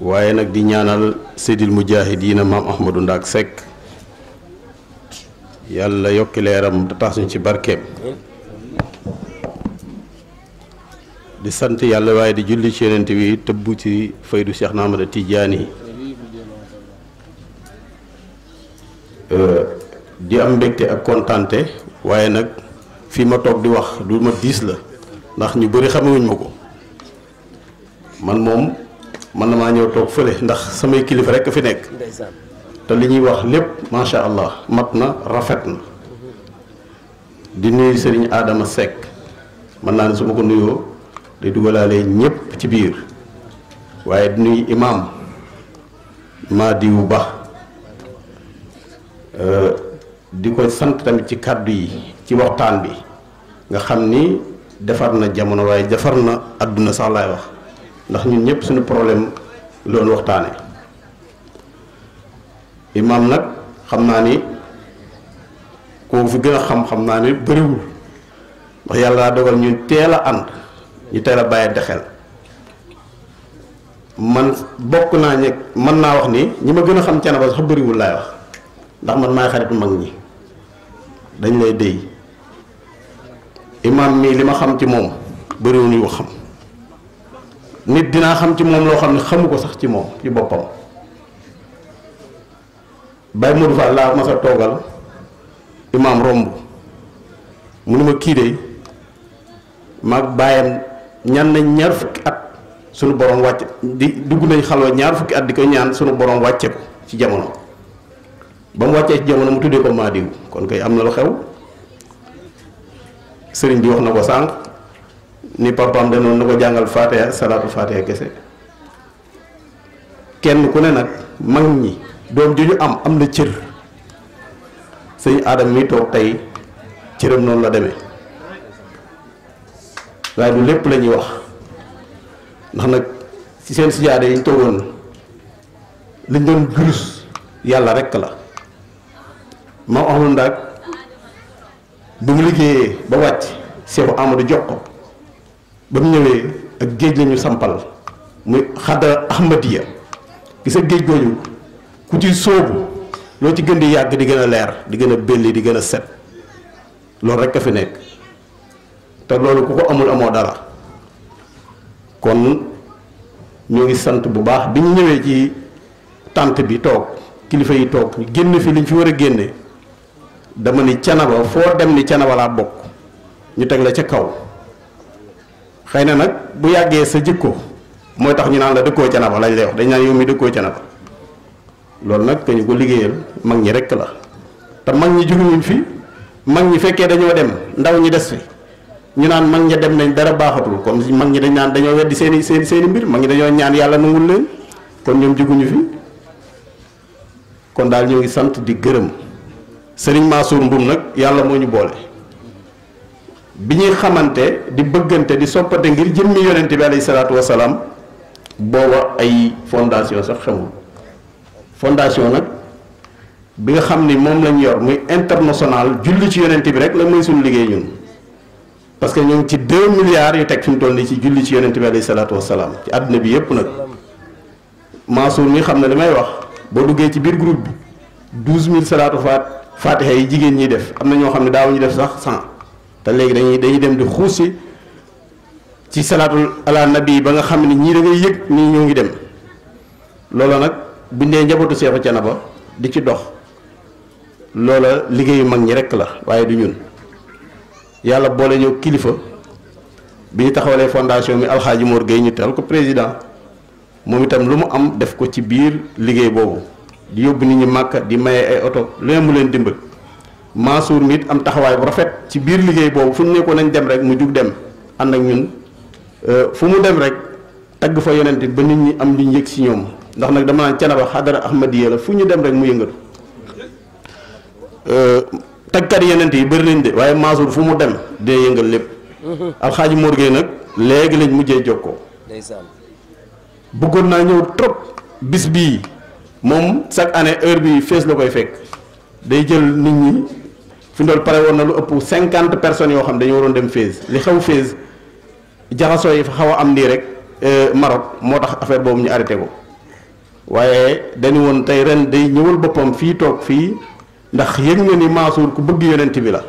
waaye nag di ñaanal seddil seydil na maam ahmadou ndaak sekk yàlla yokki leeram te tax ci barkeem di sant yàlla waaye di julli ci yonent bi tëbb ci faydu Cheikh Ahmada Tijaani di am mbégte ak kontante waaye nag fii ma toog di wax du ma diis la ndax ñu bari xamewuñ ma ko man moom mën na maa ñëw toog fële ndax samay kilifa rek fi nekk te li ñuy wax lépp macha allah mat na rafet na di nuyu sëriñ aadama Seck mën naa ne su ma ko nuyoo day dugalaale ñëpp ci biir waaye di nuyu imaam Madiou Ba euh, di ko sant tamit ci kàddu yi ci waxtaan bi nga xam ni defar na jamono waaye defar na àdduna sax wax. ndax ñun ñëpp suñu problème loolu waxtaane imaam nag xam naa ni koo fi gën a xam-xam naa ni bëriwul ndax yàlla daa dogal ñu teel a ànd ñu teel a bàyyi de xel man bokk naa ñeg mën naa wax ni ñi ma gën a xam Thiénaba sax bëriwul laay wax ndax man maay xaritu mag ñi dañ lay déy imaam mii li ma xam ci moom bëriwul ñu ko xam nit dinaa xam ci moom loo xam ne xamu ko sax ci moom ci boppam Baye Modou Fall laa mas a toogal imaam romb mu ne ma kii de maag bàyyam ñan nañ ñaar fukki at sunu borom wàcce di dugg nañ xalwa ñaar fukki at di ko ñaan sunu boroom wàcce ko ci jamono ba mu wàccee ci jamono mu tuddee ko Maadiw kon kay am na lu xew sëriñ bi wax na ko sànq. ni papaam danoon na ko jàngal faatiha salaatu faatiha kese kenn ku ne nag mag ñi doom ju ñu am am na cër sëñ aadam mi toog tey cëram noonu la deme waaye du lépp lañuy wax ndax nag ci seen sijaade yi ñu toogoon liñ doon gurus yàlla rekk la ma amul ndaag bu mu liggéeyee ba wàcc Seexu Amadu jox ba mu ñëwee ak géej lañu sampal muy xadara ahmadiya gis a géej googu ku ci sóobu loo ci gën di yàgg di gën a leer di gën a belli di gën a set loolu rek a fi nekk te loolu ku ko amul amoo dara kon ñoo ngi sant bu baax bi ñu ñëwee ci tànt bi toog kilifa yi toog ñu génn fi liñ fi war a génne dama ni canaba foo dem ni canaba laa bokk ñu teg la ca kaw xëy na nag bu yàggee sa jikko mooy tax ñu naan la dëkkoo janaba lañ lay wax dañ naan yow mi dëkkoo janaba loolu nag que ñu ko liggéeyal mag ñi rekk la te mag ñi juguñuñ fi mag ñi fekkee dañoo dem ndaw ñi des fi ñu naan mag ña dem nañ dara baaxatul comme mag ñi dañ naan dañoo weddi seeni seeni seeni mbir mag ñi dañoo ñaan yàlla nangul leen kon ñoom juguñu fi kon daal ñu ngi sant di gërëm Serigne Mansour Mboup nag yàlla moo ñu boole bi ñuy xamante di bëggante di soppante ngir jëmmi yonent bi alayhi salaatu wasalaam booba ay fondation sax xamul fondation nag bi nga xam ni moom lañ yor muy international julli ci yonent bi rek la muy suñu liggéey ñun parce que ñu ngi ci 2 milliards yu teg fi mu toll nii ci julli ci yonent bi alayhi salaatu wasalaam ci àdduna bi yépp nag Mansour mi xam ne li may wax boo duggee ci biir groupe bi 12000 salaatu faat faatiha yi jigéen ñi def am na ñoo xam ne daaw def sax 100 te léegi dañuy dañuy dem di xuusi ci salaatul ala nabi ba nga xam ne ñii da yëg nii ñoo ngi dem loola nag bindee njabootu seexu na ba di ci dox loola liggéeyu mag ñi rekk la waaye du ñun yàlla boole ñëw kilifa bi ñu taxawalee fondation bi alxaaji Mor Gueye ñu tegal ko président moom itam lu mu am def ko ci biir liggéey boobu di yóbbu nit ñi màkka di maye ay oto leen mu leen dimbal Mansour nit am taxawaay bu rafet ci biir liggéey boobu fu ñu ne ko nañ dem rek mu jug dem ànd ak ñun euh, fu mu dem rek tagg fa yonent ba nit ñi am li ñu yëg si ñoom ndax nag dama naan canaba xadara ahmadiya la fu ñu dem rek mu yëngatu euh, tagkat yenent yi bëri nañ de waaye Mansour fu mu dem dina yëngal lépp alxaaji Mor nag léegi lañ mujjee ko bëggoon naa ñëw trop bis bii moom chaque année heure bi fees la koy fekk day jël nit ñi fi ndool pare woon na lu ëpp cinquante personnes yoo xam dañu waroon dem Fès li xew Fès jaxasoo yi fa xaw a am nii rek euh, Maroc moo tax affaire boobu ñu arrêté ko waaye dañu woon tey ren day ñëwal boppam fii toog fii ndax yëg na ni Mansour ku bëgg yonent bi la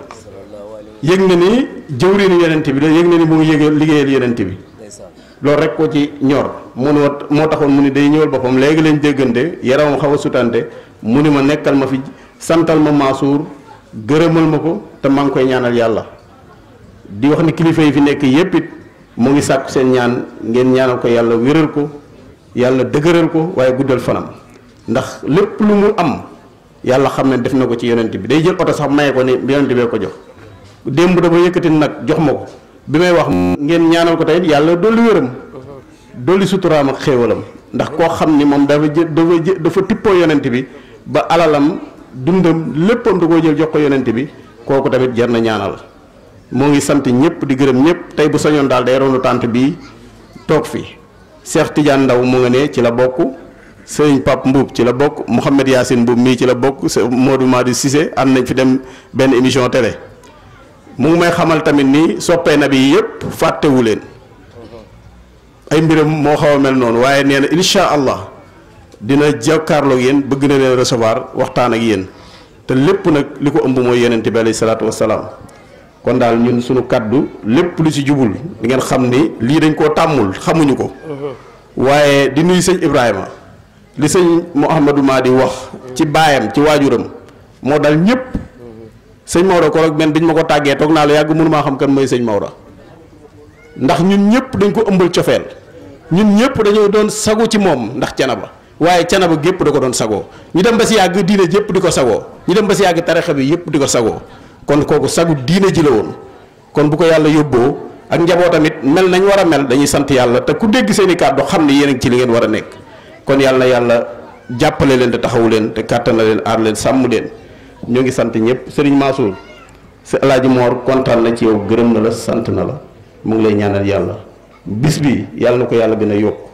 yëg na ni jëwriñu yenent bi la yëg na ni mu ngi yëg liggéeyal yonent bi loolu rek ko ci ñor mu ne moo taxoon mu ni day ñëwal boppam léegi lañ déggante yaramam xaw a sutante mu ni ma nekkal ma fi santal ma Mansour gërëmal ma ko te maa ngi koy ñaanal yàlla di wax ni kilifa yi fi nekk yépp it mu ngi sàkku seen ñaan ngeen ñaanal ko yàlla wéral ko yàlla dëgëral ko waaye guddal fanam ndax lépp lu mu am yàlla xam ne def na ko ci yonent bi day jël oto sax maye ko ni yonent bee ko jox démb dafa yëkkati nag jox ma ko bi may wax ngeen ñaanal ko tey yàlla dolli wéram dolli suturaam ak xéewalam ndax koo xam ni moom dafa jë dafa jë dafa tippoo yonent bi ba alalam dundam léppam da koo jël jox ko yonent bi kooku tamit jar na ñaanal moo ngi sant ñëpp di gërëm ñëpp tey bu sañoon daal day ronu tànt bi toog fi Cheikh Tidiane Ndaw mu nga ne ci la bokk sëñ Pape Mbuub ci la bokk Mouhamed Yacine Mbuub mii ci la bokk Modou Madi Cissé am nañ fi dem benn émission télé mu ngi may xamal tamit ni soppee na bi yëpp fàttewu leen ay mbiram moo xaw a mel noonu waaye nee na incha allah dina jàkkaarloog yéen bëgg na leen recevoir waxtaan ak yéen te lépp nag li ko ëmb mooy yonent bi alayhi salaatu wasalaam kon daal ñun suñu kàddu lépp lu ci jubul di ngeen xam ni lii dañ koo tàmmul xamuñu ko waaye di nuyu sëñ Ibrahima li sëñ Mouhamadou di wax ci baayam ci waajuram moo dal ñëpp sëñ Maodo ko rek men dañ ma ko tàggee toog naa la yàgg mënu maa xam kan mooy sëñ Maodo ndax ñun ñëpp dañ ko ëmbal cofeel ñun ñëpp dañoo doon sagu ci moom ndax cana ba waaye canaba gépp da ko doon sagoo ñu dem ba si yàgg diine jépp di ko sagoo ñu dem ba si yàgg tarixa bi yëpp di ko sagoo kon kooku sagu diine ji la woon kon bu ko yàlla yóbboo ak njaboo tamit mel nañ war a mel dañuy sant yàlla te ku dégg seen i kàddu xam ne yéen a ci li ngeen war a nekk kon yàlla yàlla jàppale leen te taxawu leen te kàttan leen aar leen sàmm leen ñoo ngi sant ñëpp sëriñ Mansour si alaaji Moor kontaan na ci yow gërëm na la sant na mu ngi lay ñaanal yàlla bis bi ko yàlla gën yokk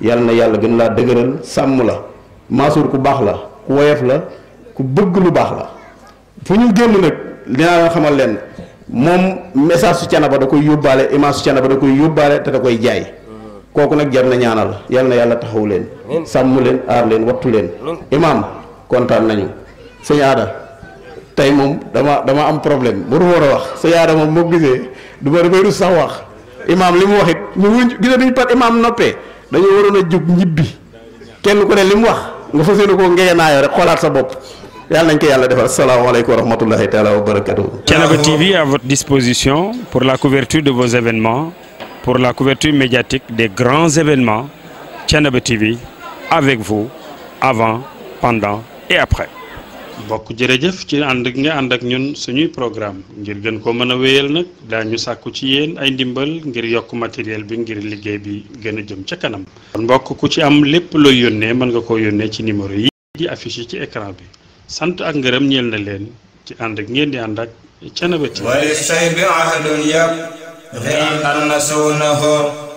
yàlla na yàlla gën laa dëgëral sàmm la Mansour ku baax la ku woyof la ku bëgg lu baax la fu ñu génn nag dinaa leen xamal leen moom message su Thiénaba da koy yóbbaale image su Thiénaba da koy yóbbaale te da koy jaay kooku nag jar na ñaanal yàlla na yàlla taxaw leen sàmm leen aar leen wattu leen imaam kontaan nañu sëñ aada tey moom dama dama am problème bu war a wax sëñ aada moom moo gisee du ma damay rus sax wax imaam li mu wax it ñu par imaam noppee dañoo waroon a jóg ñibbi kenn ku ne li mu wax nga fa yéene koo ngegenaayoo rek xoolaat sa bopp yàlla nañ ko yàlla defal asalaamaaleykum wa rahmatulahi taala wa barakatu. Thiénaba TV à votre disposition pour la couverture de vos événements pour la couverture médiatique des grands événements Thiénaba TV avec vous avant pendant et après. mbokk jërëjëf ci ànd ak nga ànd ak ñun suñuy programme ngir gën ko mën a wéyal nag daañu sàkku ci yéen ay ndimbal ngir yokk matériel bi ngir liggéey bi gën jëm ca kanam kon bokk ku ci am lépp looy yónnee mën nga ko yónnee ci numéro yi di affiché ci écran bi sant ak ngërëm ñeel na leen ci ànd ak ngeen di ànd ak Thiénaba TV